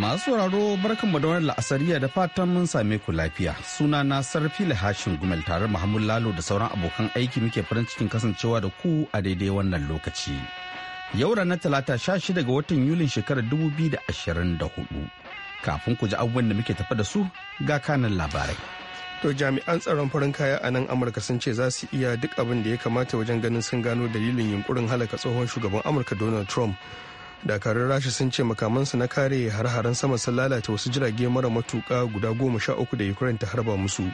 Masu sauraro barkan da wannan la'asariya da fatan mun same ku lafiya. Suna na sarfi Hashin Gumel tare mahamud Lalo da sauran abokan aiki muke farin cikin kasancewa da ku a daidai wannan lokaci. Yau ranar Talata sha shida ga watan Yulin shekarar dubu biyu da da ashirin hudu Kafin ku ji abubuwan da muke tafa da su ga kanan labarai. To jami'an tsaron farin kaya a nan Amurka sun ce za su iya duk abin da ya kamata wajen ganin sun gano dalilin yunkurin halaka tsohon shugaban Amurka Donald Trump. dakarun rasha sun ce makamansu na kare har-haren sama sun lalata wasu jirage mara matuka guda goma sha uku da ukraine ta harba musu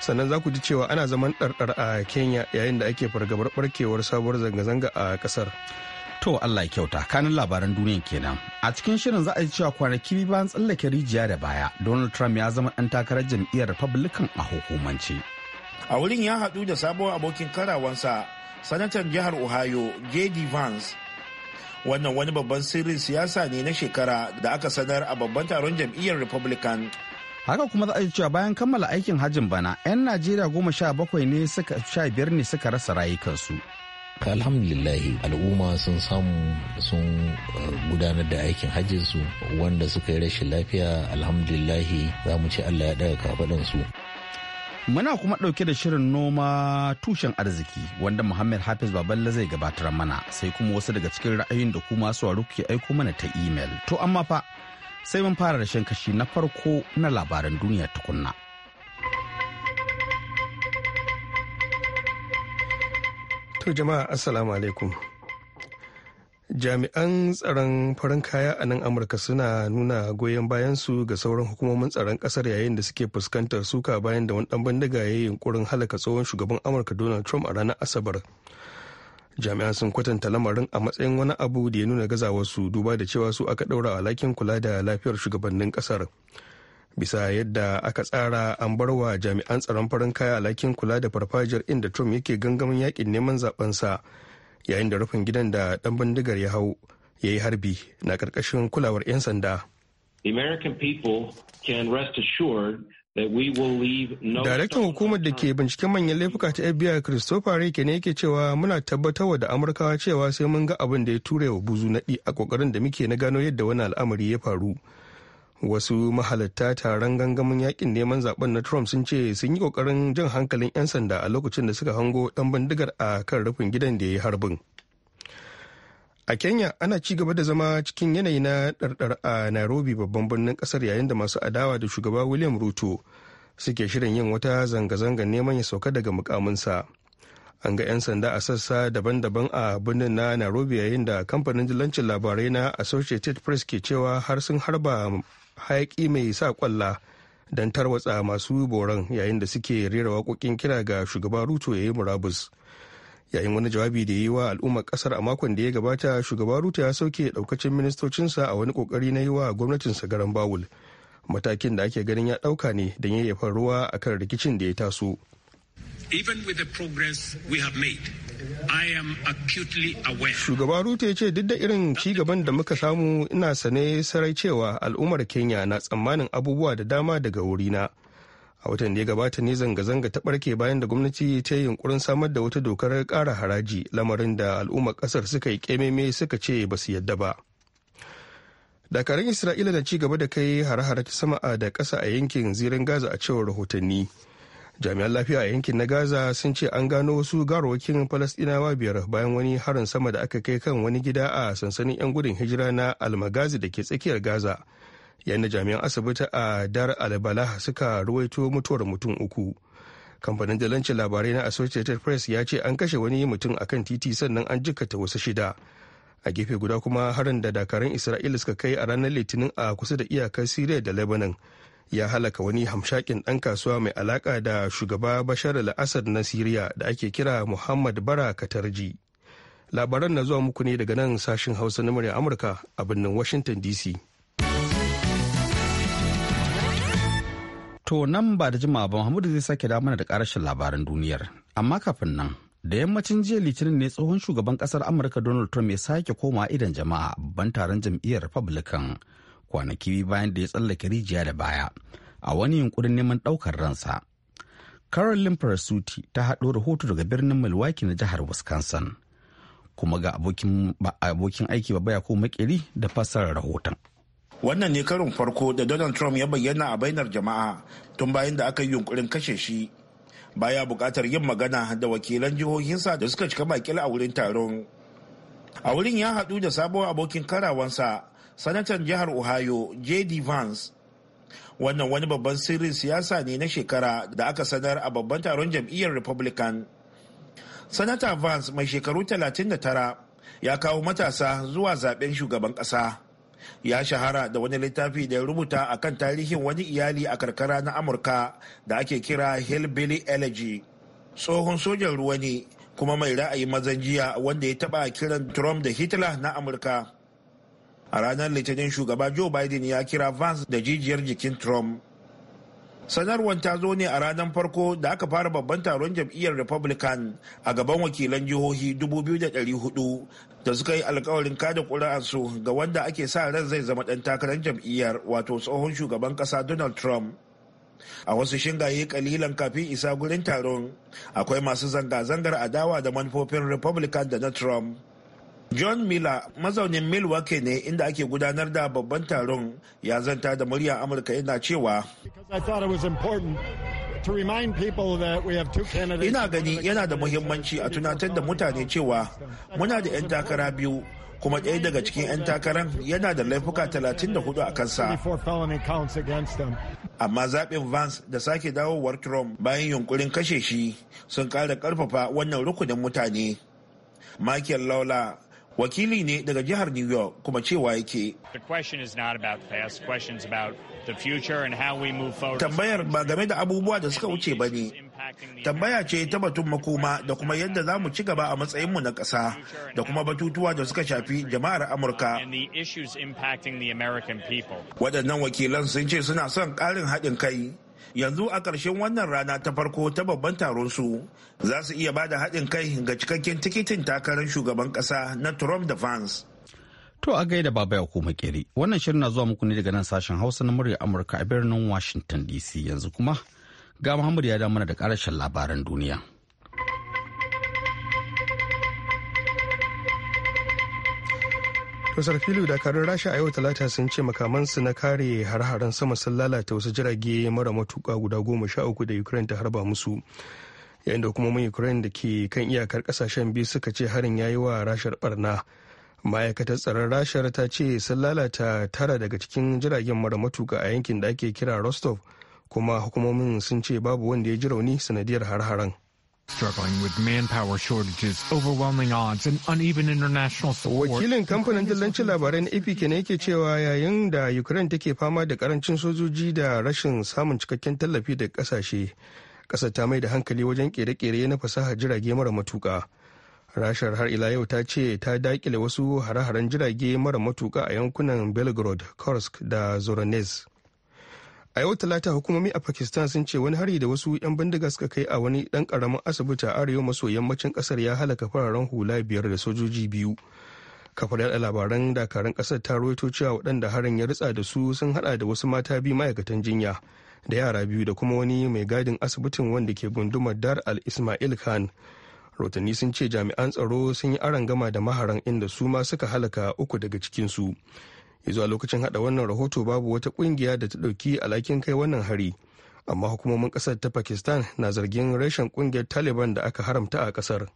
sannan za ku ji cewa ana zaman ɗarɗar a kenya yayin da ake fargabar barkewar sabuwar zanga-zanga a kasar. to allah ya kyauta kanin labaran duniya kenan a cikin shirin za a ji cewa kwanaki biyu bayan tsallake rijiya da baya donald trump ya zama ɗan takarar jam'iyyar republican a hukumance a wurin ya haɗu da sabuwar abokin karawansa sanatan jihar ohio j.d vance wannan wani babban sirrin siyasa ne na shekara da aka sanar a babban taron jam'iyyar republican haka kuma za a ji cewa bayan kammala aikin hajjin bana 'yan najeriya goma sha bakwai ne sha biyar ne suka rasa rayukansu alhamdulillah al'umma sun samu sun eh, gudanar da aikin hajjinsu wanda suka yi rashin lafiya alhamdulillah za mu ce allah ya daga kafaɗansu Muna kuma ɗauke da shirin noma tushen arziki wanda Muhammad Hafiz Baballe zai gabatar mana sai kuma wasu daga cikin ra'ayin da kuma waru ke aiko mana ta imel. To amma fa sai mun fara da kashi na farko na labaran duniya tukunna. To jama'a assalamu alaikum. jami'an tsaron farin kaya a nan amurka suna nuna goyon bayansu ga sauran hukumomin tsaron kasar yayin da suke fuskantar suka bayan da wani dan bindiga ya yi yunkurin halaka tsohon shugaban amurka donald trump a ranar asabar jami'an sun kwatanta lamarin a matsayin wani abu da ya nuna gazawarsu duba da cewa su aka daura alhakin kula da lafiyar shugabannin kasar bisa yadda aka tsara an bar wa jami'an tsaron farin kaya alhakin kula da farfajiyar inda trump yake gangamin yakin neman zaben sa yayin da rufin gidan da dan bindigar ya hau ya yi harbi na karkashin kulawar 'yan sanda. Daraktan hukumar da ke binciken manyan laifuka ta FBI Christopher Rake ne yake cewa muna tabbatarwa da Amurkawa cewa sai mun ga abin da ya ture wa buzu naɗi a ƙoƙarin da muke na gano yadda wani al'amari ya faru. wasu mahalatta taron gangamin yakin neman zaben na trump sun ce sun yi kokarin jan hankalin 'yan sanda a lokacin da suka hango dan bindigar a kan rufin gidan da ya yi harbin a kenya ana ci gaba da zama cikin yanayi na ɗarɗar a nairobi babban birnin ƙasar yayin da masu adawa da shugaba william ruto suke shirin yin wata zanga zanga neman ya sauka daga mukaminsa an ga 'yan sanda a sassa daban-daban a birnin na nairobi yayin da kamfanin jilancin labarai na associated press ke cewa har sun harba hayaƙi mai sa kwalla don tarwatsa masu boron yayin da suke rera waƙoƙin kira ga shugaba ruto ya yi murabus yayin wani jawabi da yi wa al'ummar ƙasar a makon da ya gabata shugaba ruto ya sauke ɗaukacin ministocinsa a wani ƙoƙari na yi wa gwamnatinsa garan bawul matakin da ake ganin ya ɗauka ne don yayyafar ruwa akan rikicin da ya taso even with progress we have made Shugaba Ruto ya ce duk da irin ci gaban da muka samu ina sane sarai cewa al'ummar Kenya na tsammanin abubuwa da dama daga wurina. A watan da ya gabata ne zanga-zanga ta barke bayan da gwamnati ta yi yunkurin samar da wata dokar ƙara haraji lamarin da al'ummar ƙasar suka yi ƙememe suka ce ba su yadda ba. Dakarun Isra'ila na ci gaba da kai hare-hare ta sama da ƙasa a yankin zirin Gaza a cewar rahotanni. jami'an lafiya a yankin na gaza sun ce an gano wasu garwakin falastinawa biyar bayan wani harin sama da aka kai kan wani gida a sansanin 'yan gudun hijira na almagazi da ke tsakiyar gaza yadda jami'an asibiti a dar albala suka ruwaito mutuwar mutum uku kamfanin dalancin labarai na associated press ya ce an kashe wani mutum akan titi sannan an jikata wasu shida a gefe guda kuma harin da dakarun isra'ila suka kai a ranar litinin a kusa da iyakar syria da lebanon ya halaka wani hamshakin ɗan kasuwa mai alaƙa da shugaba bashar al-assad na siriya da ake kira muhammad bara katarji labaran na zuwa muku ne daga nan sashin hausa na murya amurka a birnin washington dc to nan ba da jimawa ba mahmudu zai sake da mana da karashin labaran duniyar amma kafin nan da yammacin jiya litinin ne tsohon shugaban kasar amurka donald trump ya sake koma idan jama'a babban taron jam'iyyar republican kwanaki bayan da ya tsallake rijiya da baya a wani yunkurin neman ɗaukar ransa. Carolyn Parasuti ta haɗo rahoto daga birnin Milwaukee na jihar Wisconsin. Kuma ga abokin aiki ba baya ko makeri da fassarar rahoton. Wannan ne karin farko da Donald Trump ya bayyana a bainar jama'a tun bayan da aka yi yunkurin kashe shi. Baya buƙatar yin magana da wakilan jihohinsa da suka cika bakil a wurin taron. A wurin ya haɗu da sabon abokin karawansa sanatan jihar ohio j.d vance wannan wani babban sirrin siyasa ne na shekara da aka sanar a babban taron jam'iyyar republican sanata vance mai shekaru 39 ya kawo matasa zuwa zaben shugaban kasa ya shahara da wani littafi da ya rubuta a kan tarihin wani iyali a karkara na amurka da ake kira hillbilly elegy tsohon sojan ruwa ne kuma mai ra'ayi mazan jiya wanda ya taba kiran trump da hitler na amurka a ranar litinin shugaba joe biden ya kira vance da jijiyar jikin trump sanarwar ta zo ne a ranar farko da aka fara babban taron jam'iyyar republican a gaban wakilan jihohi 2,400 da suka yi alkawarin kada su ga wanda ake sa ran zai zama ɗan takarar jam'iyyar wato tsohon shugaban ƙasa donald trump a wasu shingaye kalilan kafin isa gurin taron akwai masu zanga-zangar adawa da manufofin republican da na trump John Miller mazaunin Milwaukee ne inda ake gudanar da babban taron ya zanta da murya Amurka yana cewa Ina gani yana da muhimmanci a tunatar da mutane cewa muna da 'yan takara biyu kuma ɗaya daga cikin 'yan takaran yana da laifuka 34 a kansa. Amma zaɓin Vance da sake dawowar Trump bayan yunkurin kashe shi sun ƙara ƙarfafa wannan rukunin mutane. Michael Lawler wakili ne daga jihar new york kuma cewa yake tambayar ba game da abubuwa da suka wuce ba ne tambaya ce ta batun makoma da kuma yadda za mu ci gaba a matsayinmu na ƙasa da kuma batutuwa da suka shafi jama'ar amurka waɗannan wakilan sun ce suna son ƙarin haɗin kai yanzu a ƙarshen wannan rana ta farko ta babban taron su za su iya bada haɗin kai ga cikakken tikitin takarar shugaban ƙasa na trump da vance to a gaida baba ya koma kere wannan shirin na zuwa muku ne daga nan sashen hausa na murya amurka a birnin washington dc yanzu kuma ga muhammad ya da mana da ƙarashin labaran duniya Kusar filu dakarun Rasha a yau talata sun ce makamansu na kare har-haren sama sun lalata wasu jirage mara matuka guda goma sha uku da Ukraine ta harba musu. Yayin da hukumomin Ukraine da ke kan iyakar kasashen biyu suka ce harin ya yi wa rashar barna. Ma'aikatar tsaron rashar ta ce sun lalata tara daga cikin jiragen mara matuka a yankin da ake kira Rostov kuma hukumomin sun ce babu wanda ya ji rauni sanadiyar har-haren. Struggling with manpower shortages, overwhelming odds, and uneven international support. Wakilin kamfanin dillancin labarai na AP ne yake cewa yayin da Ukraine take fama da karancin sojoji da rashin samun cikakken tallafi daga kasashe, kasar ta mai da hankali wajen kere-kere na fasaha jirage mara matuka. Rashar har ila yau ta ce ta dakile wasu hare-haren jirage mara matuka a yankunan Belgorod, Kursk da Voronezh. a yau talata hukumomi a pakistan sun ce wani hari da wasu 'yan bindiga suka kai a wani dan karamin asibiti a arewa maso yammacin kasar ya halaka fararen hula biyar da sojoji biyu kafar yada labaran dakarun kasar ta rawaito cewa waɗanda harin ya ritsa da su sun hada da wasu mata biyu ma'aikatan jinya da yara biyu da kuma wani mai gadin asibitin wanda ke gundumar dar al ismail khan rotanni sun ce jami'an tsaro sun yi gama da maharan inda su ma suka halaka uku daga cikinsu. su zuwa lokacin hada wannan rahoto babu wata kungiya da ta dauki alhakin kai wannan hari amma hukumomin kasar ta pakistan na zargin rashin kungiyar taliban da aka haramta a kasar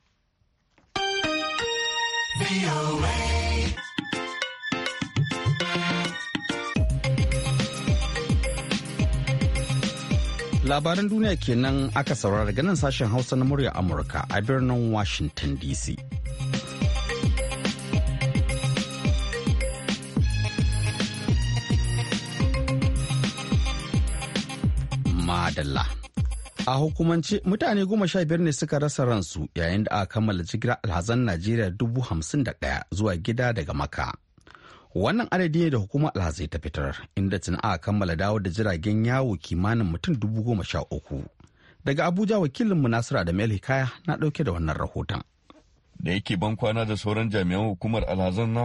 labaran duniya kenan aka saurara ganin sashen hausa na murya amurka a birnin washington dc madalla a hukumance mutane goma sha biyar ne suka rasa ransu yayin da aka kammala jigilar alhazan najeriya dubu hamsin da ɗaya zuwa gida daga maka wannan adadi ne da hukumar alhazai ta fitar inda tun aka kammala dawo da jiragen yawo kimanin mutum dubu goma sha uku daga abuja wakilinmu nasiru adamu hikaya na ɗauke da wannan rahoton da yake ban kwana da sauran jami'an hukumar alhazan na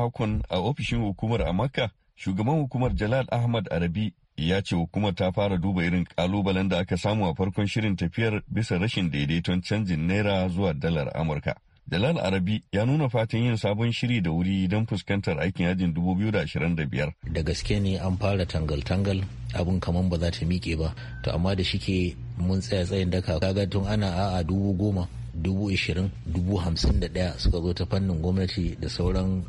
a ofishin hukumar a makka shugaban hukumar jalal ahmad arabi ya ce hukumar ta fara duba irin kalubalen da aka samu a farkon shirin tafiyar bisa rashin daidaiton canjin naira zuwa dalar amurka jalal arabi ya nuna fatan yin sabon shiri da wuri don fuskantar aikin yajin 2025 da gaske ne an fara tangal-tangal abin kamar ba za ta miƙe ba to amma da shike mun tsaya tsayin daka kaga tun ana a'a dubu goma dubu ashirin dubu hamsin da ɗaya suka zo ta fannin gwamnati da sauran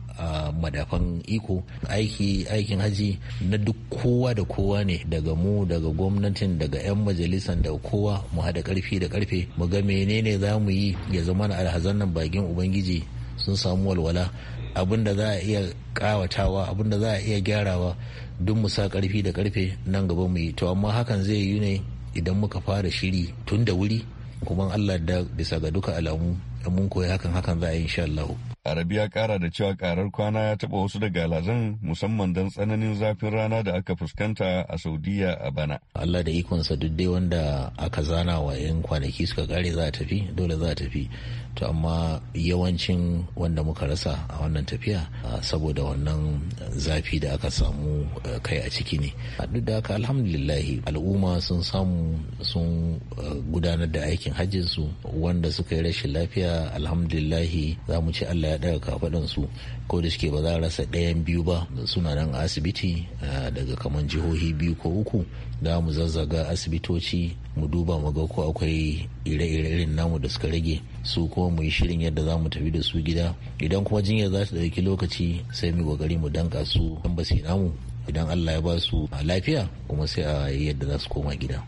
madafan iko aiki aikin haji na duk kowa da kowa ne daga mu daga gwamnatin daga 'yan majalisan da kowa mu haɗa ƙarfi da karfe mu ga menene za mu yi ya zama na alhazan nan bakin ubangiji sun samu walwala abin da za a iya ƙawatawa abin da za a iya gyarawa duk mu sa ƙarfi da karfe nan gaba mu yi to amma hakan zai yi ne idan muka fara shiri tun da wuri kuma Allah da bisa ga duka alamu da mun koyi hakan hakan za a yi insha Allah. Arabi ya kara da cewa karar kwana ya taba wasu daga lazan musamman don tsananin zafin rana da aka fuskanta a Saudiya a bana. Allah da ikonsa duk dai wanda aka zana wa 'yan kwanaki suka kare za a tafi dole za a tafi. to amma yawancin wanda muka rasa a wannan tafiya saboda wannan zafi da aka samu kai a ciki ne duk da haka alhamdulillahi al'umma sun samu sun gudanar da aikin hajjinsu wanda suka yi rashin lafiya alhamdulillahi za mu ce allah ya daga su ko da shike ba za a rasa ɗayan biyu ba suna nan asibiti daga kamar jihohi biyu ko uku da mu zazzaga asibitoci mu duba mu ga ko akwai ire-ire irin namu da suka rage su kuma mu yi shirin yadda za mu tafi da su gida idan kuma jinyar za ta ɗauki lokaci sai mu gogari mu danka su tambasi namu idan allah ya ba su lafiya kuma sai a yi yadda za su koma gida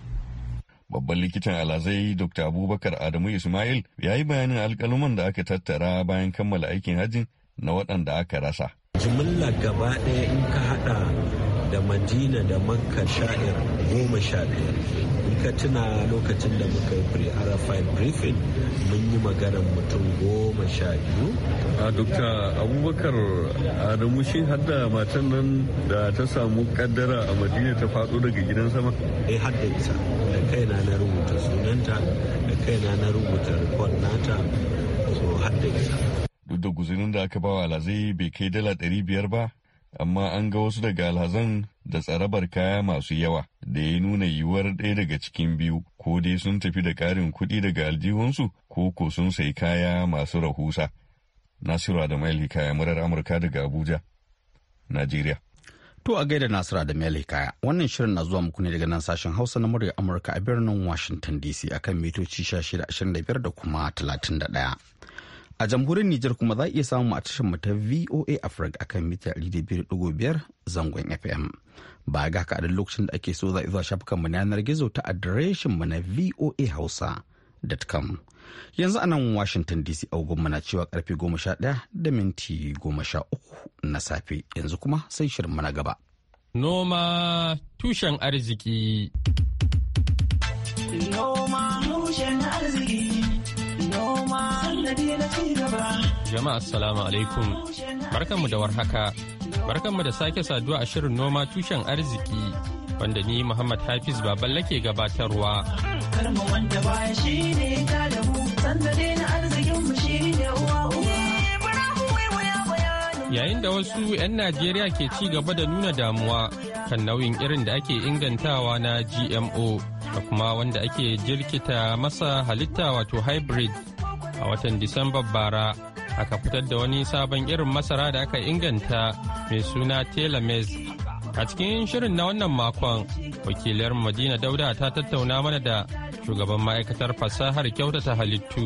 babban likitan alazai dr abubakar adamu ismail ya yi bayanin alkaluman da aka tattara bayan kammala aikin hajji na waɗanda aka rasa jimilla gaba ɗaya in ka haɗa da madina da makka sha'ir goma sha biyar ka tuna lokacin da muka yi pre-arafat briefing mun yi maganar mutum goma sha biyu a dokta abubakar adamu shi hadda matan nan da ta samu kaddara a madina ta faɗo daga gidan sama eh da ita da kaina na rubuta sunanta da kaina na rubuta report nata so da ita duk da guzurin da aka bawa lazai bai kai dala ɗari biyar ba amma an ga wasu daga alhazan da tsarabar kaya masu yawa da ya nuna yiwuwar ɗaya daga cikin biyu ko dai sun tafi da ƙarin kuɗi daga aljihunsu ko ko sun sai kaya masu rahusa. Nasiru Adamu Hikaya murar Amurka daga Abuja, Najeriya. To a gaida Nasiru Adamu Hikaya wannan shirin na zuwa muku ne daga nan sashen Hausa na murya Amurka a birnin Washington DC akan mitoci 1625 da kuma 31. A jamhuriyar Nijar kuma za a iya samu a tashar ta VOA Africa akan mita 200.5 zangon FM. Ba ga haka a lokacin da ake so za a zuwa shafukanmu na yanar gizo ta adireshin mu na voahausa.com. Yanzu a nan Washington DC agogon mana cewa karfe 11 da minti 13 na safe. Yanzu kuma sai shirin mana gaba. Noma tushen arziki. Noma tushen arziki. Jama'a assalamu alaikum. Barkanmu da warhaka. Barkanmu da sake saduwa a shirin noma tushen arziki wanda ni Muhammad Hafiz Baballe ke gabatarwa. Yayin da wasu 'yan Najeriya ke ci gaba da nuna damuwa kan nauyin irin da ake ingantawa na GMO da kuma wanda ake jirkita masa halitta wato hybrid. a watan disamba bara aka fitar da wani sabon irin masara da aka inganta mai suna telemes A cikin shirin na wannan makon, wakiliyar Madina Dauda ta tattauna mana da shugaban ma'aikatar fasahar kyautata halittu,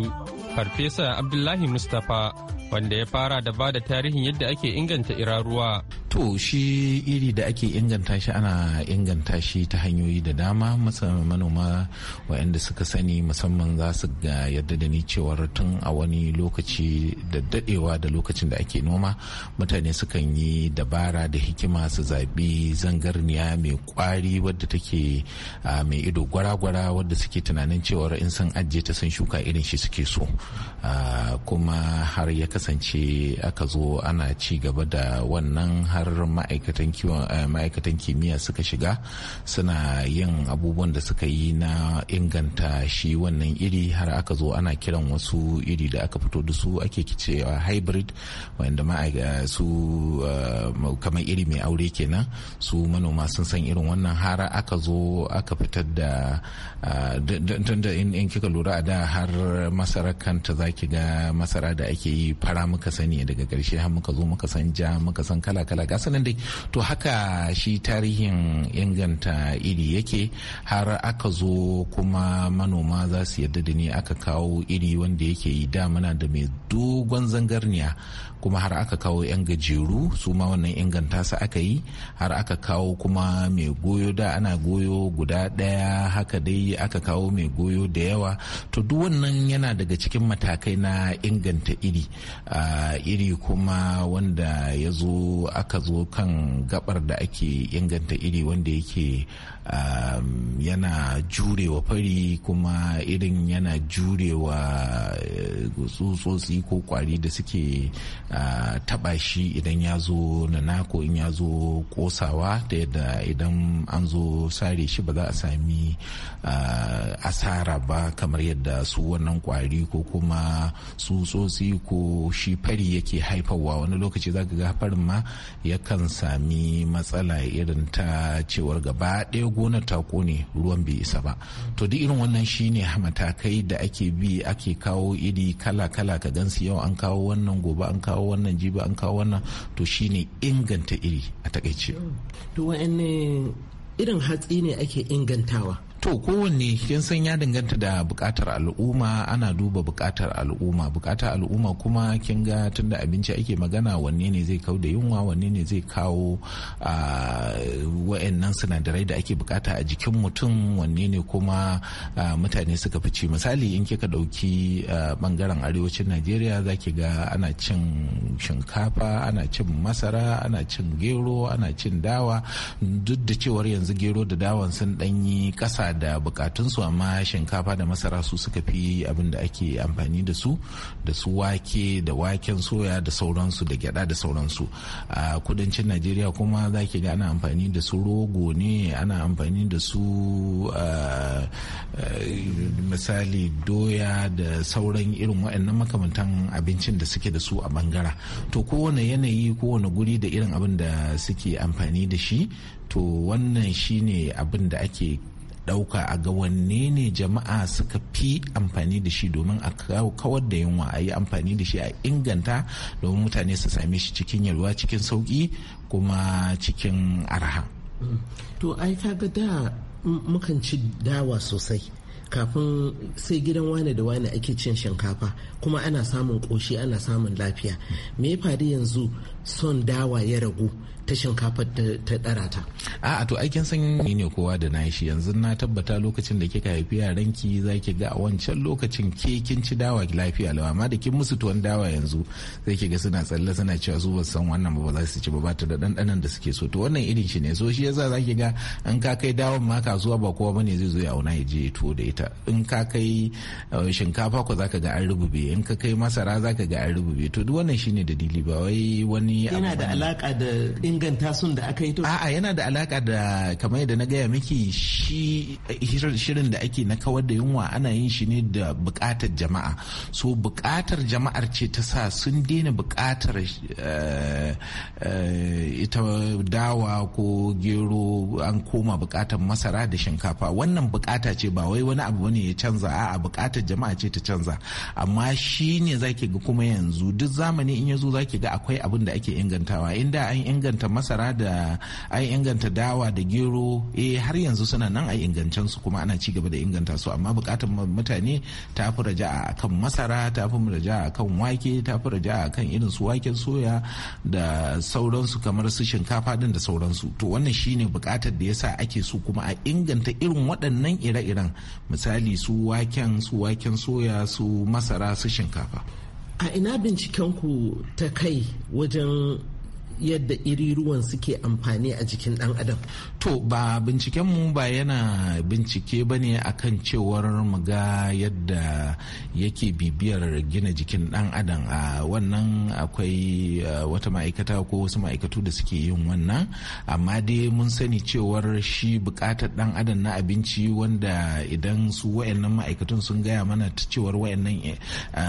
Farfesa Abdullahi Mustapha, wanda ya fara da ba da tarihin yadda ake inganta iraruwa. to shi iri da ake inganta shi ana inganta shi ta hanyoyi da dama manoma waɗanda suka sani musamman za su ga yadda da ni cewar tun a wani lokaci da dadewa da lokacin da ake noma mutane sukan yi dabara da hikima su zaɓi zangarniya mai kwari wadda take mai ido gwara-gwara wadda suke tunanin cewar in sun ajiye ta sun shuka irin shi suke so kuma har ya kasance aka zo ana ci gaba da wannan har har ma'aikatan eh, ma'aikatan kimiyya suka shiga suna yin abubuwan da suka yi na inganta shi wannan iri har aka zo ana kiran wasu iri da aka fito da su ake cewa hybrid wanda eh, su eh, kamar iri mai aure kenan su manoma sun san irin wannan har aka zo aka fitar da tunda in kika lura da har masara kanta zaki ga masara da ake yi fara muka sani daga karshe har muka zo muka san ja muka san kala kala gasa nan dai to haka shi tarihin inganta iri yake har aka zo kuma manoma za su yarda da ni aka kawo iri wanda yake yi da muna da mai dogon zangarniya kuma har aka kawo 'yan gajeru su ma wannan inganta su aka yi har aka kawo kuma mai goyo da ana goyo guda ɗaya haka dai aka kawo mai goyo da yawa to duk wannan yana daga cikin matakai na inganta iri iri kuma wanda ya zo aka zo kan gabar da ake inganta iri wanda yake yana jurewa fari kuma irin yana jurewa eh, tsutsotsi ko kwari da suke taɓa shi idan ya zo nana ko in ya zo kosawa da yadda idan an zo sare shi ba za a sami asara ba kamar yadda su wannan kwari ko kuma su tsotsi ko shi fari yake haifarwa wani lokaci za ga farin ma yakan sami matsala irin ta cewar gaba ɗaya gona ta kone ruwan bai isa ba to duk irin wannan shi ne matakai da ake bi ake kawo iri kala kala ka gansu yau an kawo wannan gobe an kawo kawo wannan jibi an kawo wannan to shine inganta iri a takaice to wa'annan irin hatsi ne ake ingantawa to kowanne kin san ya danganta da bukatar al'umma ana duba bukatar al'umma bukatar al'umma kuma kin ga tunda abinci ake magana wanne ne zai kau da yunwa wanne ne zai kawo waɗannan sinadarai da ake bukata a jikin mutum wanne ne kuma mutane suka fi ci misali in kika dauki bangaren arewacin najeriya za ki ga ana cin shinkafa ana cin masara ana cin gero ana cin dawa duk da cewar yanzu gero da dawan sun danyi kasa da da bukatunsu amma shinkafa da masara su suka fi abin da ake amfani da su da su wake da waken soya da sauransu da gyada da sauransu a kudancin najeriya kuma za ki ga ana amfani da su rogo ne ana amfani da su misali doya da sauran irin waɗannan makamantan abincin da suke da su a bangara to kowane yanayi kowane guri da irin abin da suke amfani da shi to wannan shine abin da ake dauka a ga wanne ne jama'a suka fi amfani da shi domin a kawar da yunwa a yi amfani da shi a inganta domin mutane su same shi cikin yalwa cikin sauki kuma cikin arha. to ai kaga da mukan ci dawa sosai kafin sai gidan wane da wane ake cin shinkafa kuma ana samun ƙoshi ana samun lafiya me ya faru yanzu son dawa ya ragu ta shinkafa ta dara ta. A to aikin san ne kowa da nashi yanzu na tabbata lokacin da kika haifi yaran ki za ki ga a wancan lokacin ke kin ci dawa lafiya lawa amma da kin musu tuwon dawa yanzu zai ki ga suna tsalle suna cewa su ba san wannan ba za su ci ba ba ta da dandanan da suke so to wannan irin shi ne so shi yasa za ki ga in ka kai dawan ma kasuwa ba kowa bane zai zo ya auna ya je ya tuwo da ita in ka kai eh, shinkafa ko za ka ga an rubube in ka kai masara za ka ga an rubube to duk wannan shine dalili ba wai wani yana da alaka da inganta sun da aka yi to a'a yana da alaka da kamar yadda na gaya miki shi shirin da ake na kawar da yunwa ana yin shi ne da bukatar jama'a so bukatar jama'ar ce ta sa sun daina bukatar eh, eh, ita dawa ko gero an koma bukatar masara da shinkafa wannan bukata ce ba wai wani abu ne ya canza a'a bukatar jama'a ce ta canza amma shi ne zaki ga kuma yanzu duk zamani in ya zo zaki ga akwai abin da ake ingantawa inda an inganta masara da an inganta dawa da gero eh har yanzu suna nan a ingancen su kuma ana cigaba da inganta su amma bukatar mutane ta fi raja'a kan masara ta fi a akan wake ta fi raja'a akan irin su waken soya da sauransu kamar su shinkafa din da sauransu to wannan shine bukatar da yasa ake su kuma a inganta irin waɗannan ire-iren misali su waken su waken soya su masara su shinkafa a ina binciken ku ta kai wajen yadda iri ruwan suke amfani a jikin dan adam to ba binciken mu ba yana bincike ba ne akan cewar mu ga yadda yake bibiyar gina jikin dan adam a wannan akwai eh, wata ma'aikata ko wasu ma'aikatu da suke yin wannan amma dai mun sani cewar shi bukatar dan adam na abinci wanda idan su wayannan ma'aikatun sun gaya mana cewar wayannan eh,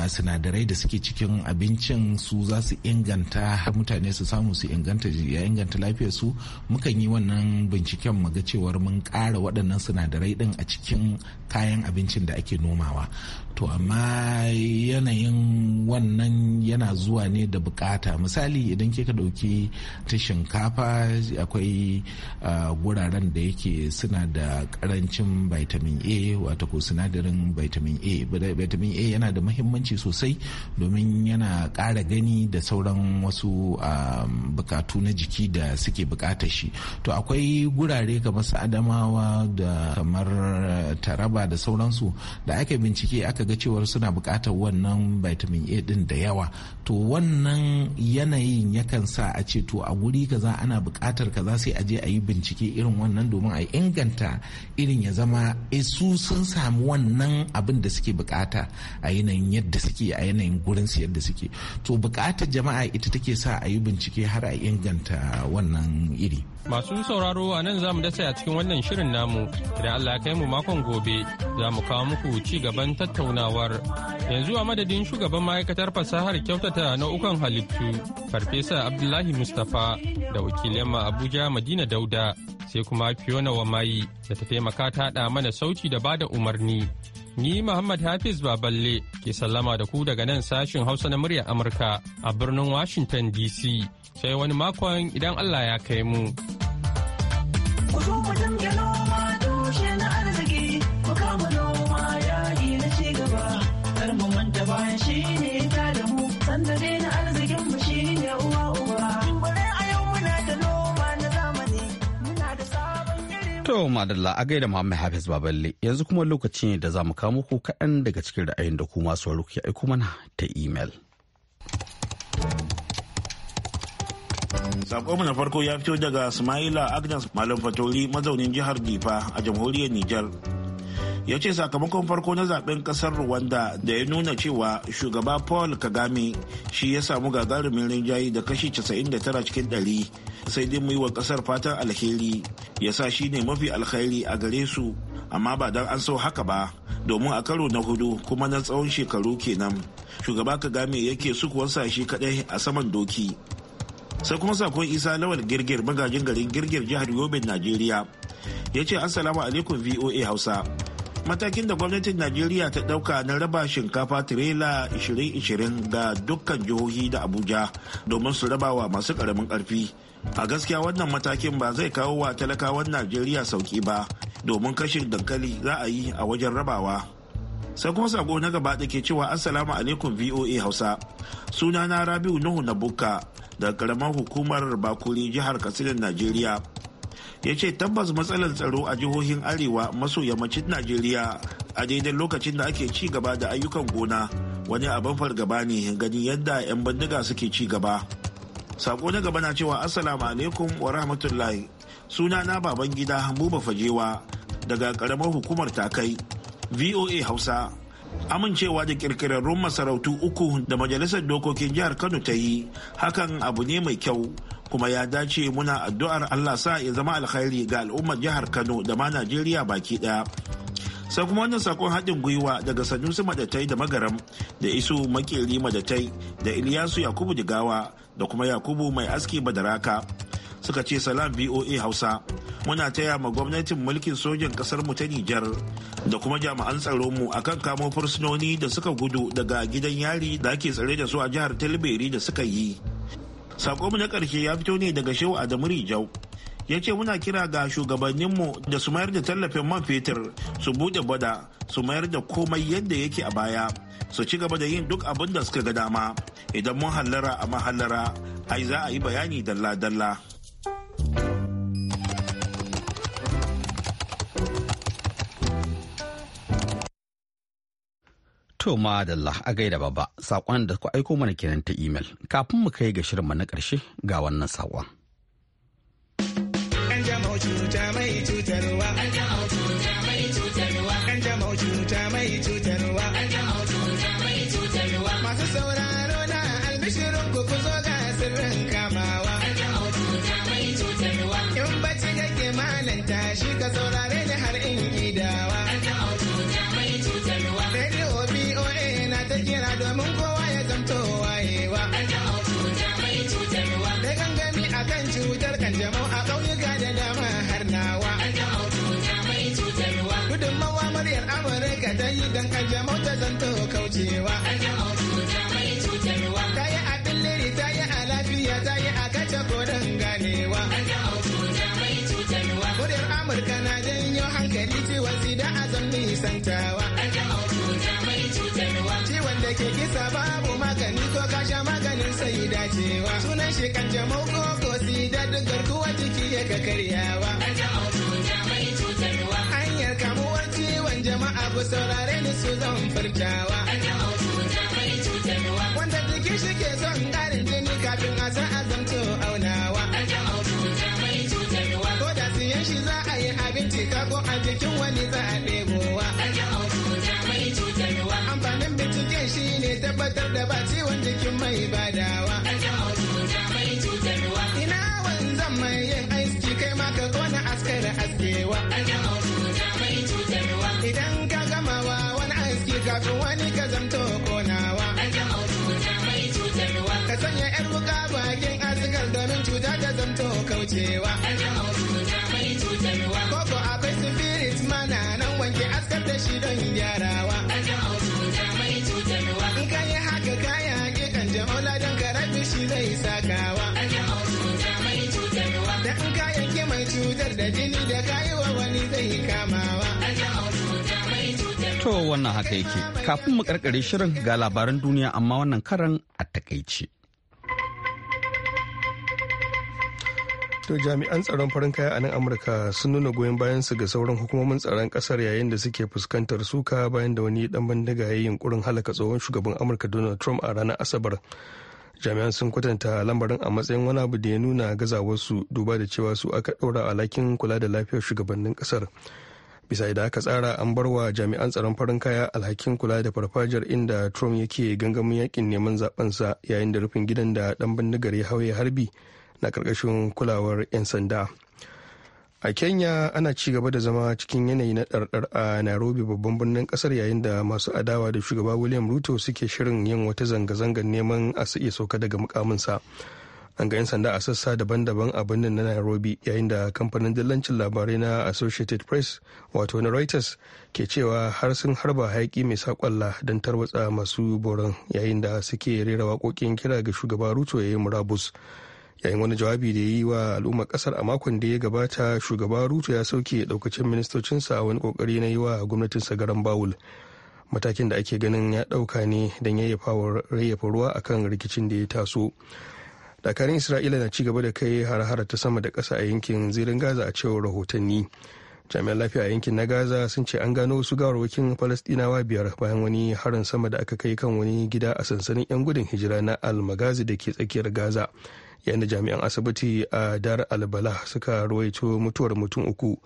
sinadarai da suke cikin abincin su za su inganta mutane su samu su inganta ya inganta lafiyar su mukan yi wannan binciken mu ga cewar mun ƙara waɗannan sinadarai din a cikin kayan abincin da ake nomawa to amma yanayin wannan yana zuwa ne da bukata misali idan kika ɗauki ta shinkafa akwai guraren da yake suna da ƙarancin vitamin a wata ko sinadarin vitamin a vitamin a yana da muhimmanci sosai domin yana ƙara gani da sauran wasu um, bukatu na jiki da suke bukatar shi to akwai gurare kamar su adamawa da kamar eh, taraba da sauransu da aka bincike aka ga cewar suna bukatar wannan vitamin a din da yawa to wannan yanayin yakan sa a ce to a guri kaza ana bukatar kaza sai a je a yi bincike irin wannan domin a inganta irin ya zama eh, su sun samu wannan abin da suke bukata a yanayin yadda suke a yanayin gurin su yadda suke to bukatar jama'a ita take sa a yi bincike har a inganta wannan iri. Masu sauraro a nan za mu dasa a cikin wannan shirin namu, da Allah kai mu makon gobe za mu kawo muku ci gaban tattaunawar. Yanzu a madadin shugaban ma'aikatar fasahar kyautata nau'ukan halittu, Farfesa Abdullahi Mustapha da wakilin ma Abuja Madina Dauda, sai kuma Fiona Wamayi da ta taimaka ta da mana sauci da bada umarni. Ni Muhammad Hafiz Baballe ke sallama da ku daga nan sashin Hausa na muryar Amurka a birnin Washington DC. sai wani makon idan Allah ya kai mu. Ku zo mu noma tushe na arziki, ku kama noma yayi na cigaba gaba, bayan shi ne ta sanda dai na arzikin mu shi ne uwa uba. Bare a yau muna da noma na zamani, muna da sabon yare. To madalla a gaida Muhammad Hafiz Baballe, yanzu kuma lokaci ne da za mu kawo muku kaɗan daga cikin ra'ayin da kuma masu kuke aiko mana ta imel. mu na farko ya fito daga Smaila Agnes Malam Fatori mazaunin jihar Difa a jamhuriyar Nijar. Ya ce sakamakon farko na zaben kasar Rwanda da ya nuna cewa shugaba Paul Kagame shi ya samu gagarumin rinjaye da kashi 99 cikin 100 sai dai mu yi wa kasar fatan alheri ya sa shi ne mafi alheri a gare su amma ba dan an so haka ba domin a karo na hudu kuma na tsawon shekaru kenan shugaba Kagame yake sukuwar sa shi kadai a saman doki. sai kuma sakon isa lawal girgir magajin garin girgir jihar yobe najeriya ya ce assalamu alaikum voa hausa matakin da gwamnatin najeriya ta dauka na raba shinkafa tirela 2020 ga dukkan jihohi da abuja domin su raba wa masu karamin karfi a gaskiya wannan matakin ba zai kawo wa talakawan najeriya sauki ba domin kashin dankali za a yi a wajen rabawa sai kuma sako na gaba da ke cewa assalamu alaikum voa hausa sunana rabiu nuhu na bukka da karamar hukumar bakuri jihar katsina najeriya ya ce tabbas matsalar tsaro a jihohin arewa maso yammacin najeriya a daidai lokacin da ake ci gaba da ayyukan gona wani abin fargaba ne gani yadda 'yan bindiga suke ci gaba sako na gaba na cewa assalamu alaikum wa rahmatullahi suna na baban gida buba fajewa daga karamar hukumar takai voa hausa amincewa da kirkirarrun masarautu uku da majalisar dokokin jihar kano ta yi hakan abu ne mai kyau kuma ya dace muna addu'ar allah sa ya zama alkhairi ga al'ummar jihar kano da ma najeriya baki daya sai kuma wannan sakon haɗin gwiwa daga sanusi madatai da magaram da isu makeri madatai da iliyasu yakubu digawa da kuma yakubu mai aski badaraka suka ce salam voa hausa muna taya ma gwamnatin mulkin sojan kasar mu ta Nijar da kuma jami'an tsaron mu akan kamo fursunoni da suka gudu daga gidan yari da ake tsare da su a jihar Talbiri da suka yi. mu na ƙarshe ya fito ne daga Shehu Adamu Rijau. ya ce muna kira ga shugabanninmu da su mayar da tallafin man fetur su bude bada su mayar da komai yadda yake a baya su ci gaba da yin duk abin da suka ga dama idan mun hallara a mahallara ai za a yi bayani dalla-dalla. To Allah a gaida baba saƙon da ku aiko mana kenan ta imel kafin mu kai ga shirin shirinmu na ƙarshe ga wannan saƙon. An mai cutarwa. muryar Amurka ta yi don kanjamau ta zanto kaucewa. Ta yi a billiri ta yi a lafiya ta yi a kace koren ganewa. Muryar Amurka na janyo hankali ciwon sida a zan nisantawa. Ciwon da ke kisa babu magani ko kasha maganin sai dacewa. Sunan shi kanjamau ko ko sida duk garkuwa jiki ya ka karyawa. ku saurare ni su zan farcawa. Wanda jiki shi ke son ƙarin jini kafin a san azamto aunawa. Ko da siyan shi za a yi abinci kako a jikin wani za a ɗebowa. Amfanin binciken shi ne tabbatar da ba ciwon jikin mai badawa. Ina wanzan mai yin aiki kai ma ka kona askara askewa. zamto konawa. Ka sanya ‘yan wuka bakin asigar domin cuta ta zamto kaucewa. Koko akwai spirit mana nan wanke askar da shi don gyarawa. To wannan haka yake. Kafin mu karkare shirin ga labaran duniya amma wannan karan a takaice. To jami'an tsaron farin kaya a nan Amurka sun nuna goyon bayan su ga sauran hukumomin tsaron kasar yayin da suke fuskantar suka bayan da wani dan bandiga ya yunkurin halaka tsohon shugaban Amurka Donald Trump a ranar Asabar. jami'an sun kwatanta lambarin a matsayin wani abu da ya nuna gazawarsu duba da cewa su aka ɗora alakin kula da lafiyar shugabannin kasar. bisa da aka tsara an bar wa jami'an tsaron farin kaya alhakin kula da farfajiyar inda trump yake gangamin yakin neman zabensa yayin da rufin gidan da dan bindigar ya hauye harbi na karkashin kulawar 'yan sanda a kenya ana ci gaba da zama cikin yanayi na ɗarɗar a nairobi babban birnin ƙasar yayin da masu adawa da shugaba william ruto suke shirin yin wata zanga-zangar neman a su iya sauka daga mukaminsa. sa an ga 'yan sanda a sassa daban-daban a birnin na nairobi yayin da kamfanin dillancin labarai na associated press wato na reuters ke cewa har sun harba hayaki mai sakwalla don tarwatsa masu boron yayin da suke rera waƙoƙin kira ga shugaba ruto ya yi murabus yayin wani jawabi da ya yi wa al'ummar kasar a makon da ya gabata shugaba ruto ya sauke daukacin ministocinsa a wani kokari na yi wa gwamnatinsa garan bawul matakin da ake ganin ya dauka ne don yayyafa ruwa akan rikicin da ya taso dakarun isra'ila na cigaba da kai har-hara ta sama da kasa a yankin zirin gaza a cewar rahotanni jami'an lafiya a yankin na gaza sun ce an gano wasu gawarwakin falastinawa biyar bayan wani harin sama da aka kai kan wani gida a sansanin 'yan gudun hijira na almagazi da ke tsakiyar gaza yadda jami'an asibiti a dar albala suka ruwaito mutuwar mutum uku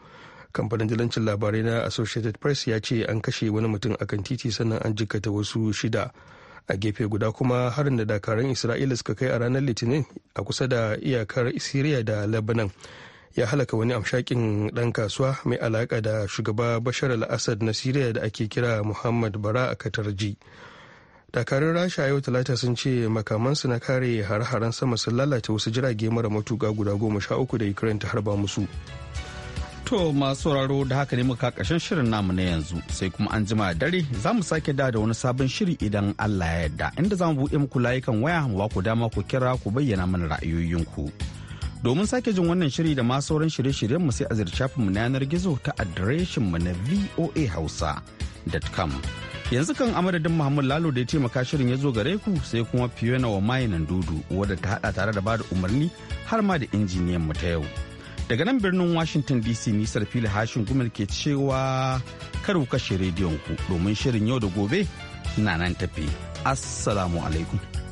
kamfanin dalancin labarai na associated press ya ce an kashe wani mutum akan titi sannan an jikkata wasu shida a gefe guda kuma harin da dakarun isra'ila suka kai a ranar litinin a kusa da iyakar syria da lebanon ya halaka wani amshakin dan kasuwa mai alaka da shugaba bashar al-assad na syria da ake kira muhammad bara a katarji dakarun rasha yau talata sun ce makamansu na kare hare-haren sama sun lalata wasu jirage mara matuka guda goma sha uku da ukraine ta harba musu To masu sauraro da haka ne muka ƙarshen shirin namu na yanzu sai kuma an jima dare za mu sake da da wani sabon shiri idan Allah ya yarda inda za mu buɗe muku layukan waya wa ku dama ku kira ku bayyana mana ra'ayoyinku. Domin sake jin wannan shiri da masu sauran shirye-shiryen mu sai a shafin mu na yanar gizo ta adireshin mu na voahausa.com. Yanzu kan amadadin Muhammad Lalo da ya taimaka shirin ya zo gare ku sai kuma Fiona wa Mayinan Dudu wadda ta haɗa tare da bada umarni har ma da injiniyan mu ta yau. Daga nan birnin Washington DC nisar fili hashin gumel ke cewa kar ku kashe rediyon ku domin shirin yau da gobe na nan tafi. Assalamu alaikum.